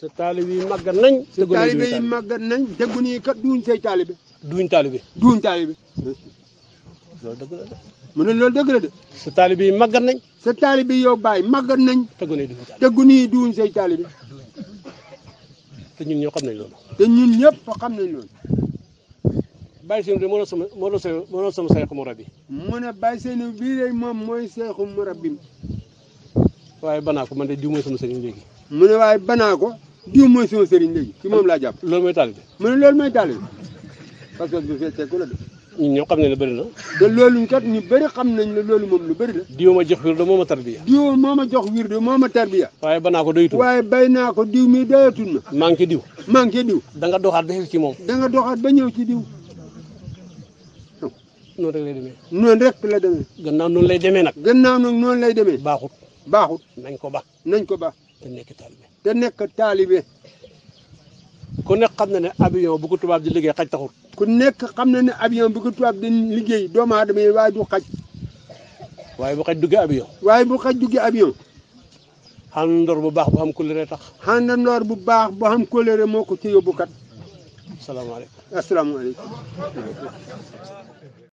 sa taalibe yi màggat nañ. sa taalibe yi màggat nañ déggu nii kat duñ say taalibe. duñ taalibe. duñ taalibe. loolu dëgg la de. mu ne loolu dëgg la sa taalibe yi nañ. sa taalibe yow bàyyi màggat nañ. déggu nii duñ say taalibe. te ñun ñoo xam nañ loolu. te ñun ñëpp fa xam nañ loolu. Baye Seynou de moo doon sama moo doon sama moo doon sama seexu murabbi. mu ne Baye Seynou bii de moom mooy seexu murabbi. waaye banaa ko man de diw mooy sama diw mooy sama sëriñ léegi ci moom laa jàpp. loolu mooy taalibe. mu ne loolu mooy taalibe parce que bu ñoo xam ne ne bëri na. te loolu kat ñu bëri xam nañ ne loolu moom lu bari la. diw ma jox wirdo moo ma tarbiya. diw moo ma jox wirdo moo ma tarbiya. waaye ba naa ko doyatul. waaye bay naa ko diw mi doyatul ma. manqué diw. manqué diw. da nga doxaat ba ñëw ci moom. da nga doxaat ba ñëw ci diw. noonu rek lay demee. noonu rek la demee. gannaaw noonu lay demee nag. gannaaw nag noonu lay demee. baaxut baaxut. nañ ko baax nañ ko ba te nekk taalibe te nekk taalibe ku nekk xam na ne avion bu ko tubaab di liggéey xaj taxul ku nekk xam na ne avion bu ko tubaab di liggéey doomu aadama yi waaye du xaj waaye bu xaj duggee avion waaye bu xaj duggee avion xandandoor bu baax bu xam kóllëre tax xandandoor bu baax bu xam kóllëre moo ko ci yóbbu kat asalaamaaleykum asalaamaaleykum